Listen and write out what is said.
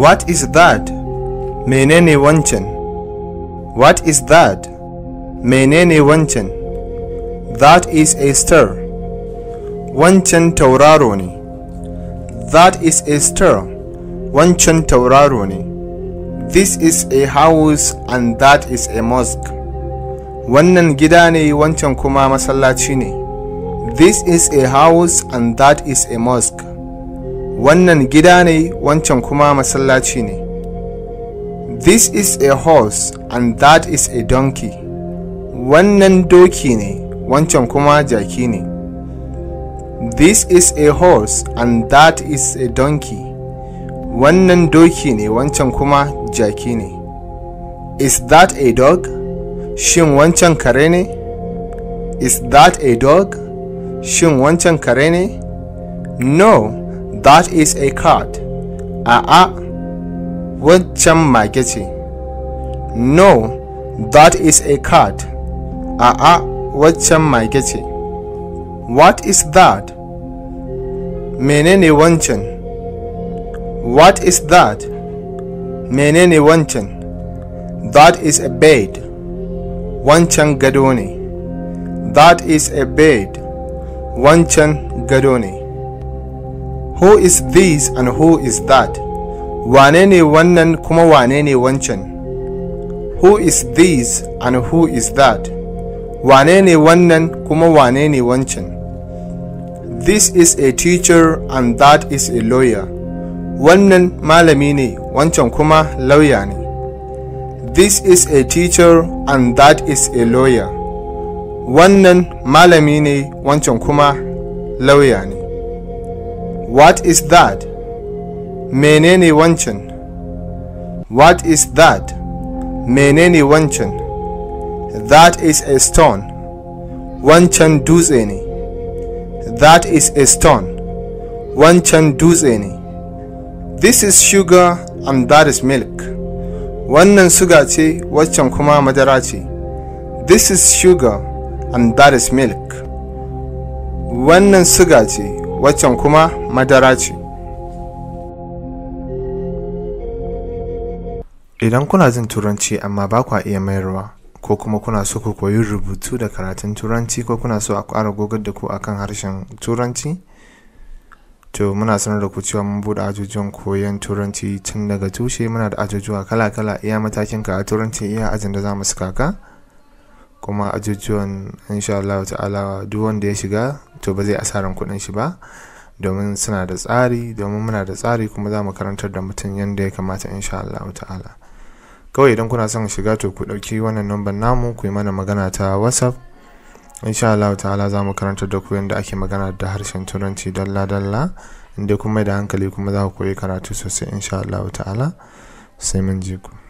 What is that? Menene wancan? What is that? Menene wancan? That is a star. Wancan tauraro ne. That is a star. Wancan tauraro ne. This is a house and that is a mosque. Wannan gida ne wancan kuma masallaci ne. This is a house and that is a mosque. wannan gida ne wancan kuma masallaci ne this is a horse and that is a donkey wannan doki ne wancan kuma jaki ne this is a horse and that is a donkey wannan doki ne wancan kuma jaki ne is that a dog shin wancan kare ne is that a dog shin wancan kare ne no That is a card. A'a, uh-uh. waccan my getty? No, that is a card. A'a, uh-uh. waccan my getty? What is that? Menene wanchen. What is that? Menene wanchen. That is a bed. Wanchen gado That is a bed. Wanchen gado who is this and who is that wane ne wannan kuma wane ne wancan who is this and who is that wane ne wannan kuma wane ne wancan this is a teacher and that is a lawyer wannan malami ne wancan kuma lauya ne this is a teacher and that is a lawyer wannan malami ne wancan kuma lauya ne What is that? Menene wancan? What is that? Menene wancan? That is a stone. Wancan dutse ne. That is a stone. Wancan dutse ne. This is sugar and that is milk. Wannan suga ce waccan kuma madara ce. This is sugar and that is milk. Wannan suga ce waccan kuma madara ce idan kuna jin turanci amma ba kwa iya mayarwa ko kuma kuna so ku koyi rubutu da karatun turanci ko kuna so a ƙara gogar da ku akan harshen turanci to muna sanar da ku cewa mun buɗe ajujuwan koyon turanci tun daga tushe muna da ajujuwa kala-kala iya matakin ka a turanci iya ajin da za mu saka ka kuma ajujuwan insha Allah ta'ala duk wanda ya shiga to ba zai asaran kuɗin shi ba domin suna da tsari domin muna da tsari kuma za mu karantar da mutum yadda ya kamata insha Allah ta'ala kawai idan kuna son shiga to ku ɗauki wannan number namu ku yi mana magana ta whatsapp insha Allah ta'ala za mu karantar da ku yadda ake magana da harshen turanci dalla dalla inda kuma da hankali kuma za ku koyi karatu sosai insha Allah ta'ala sai mun ji ku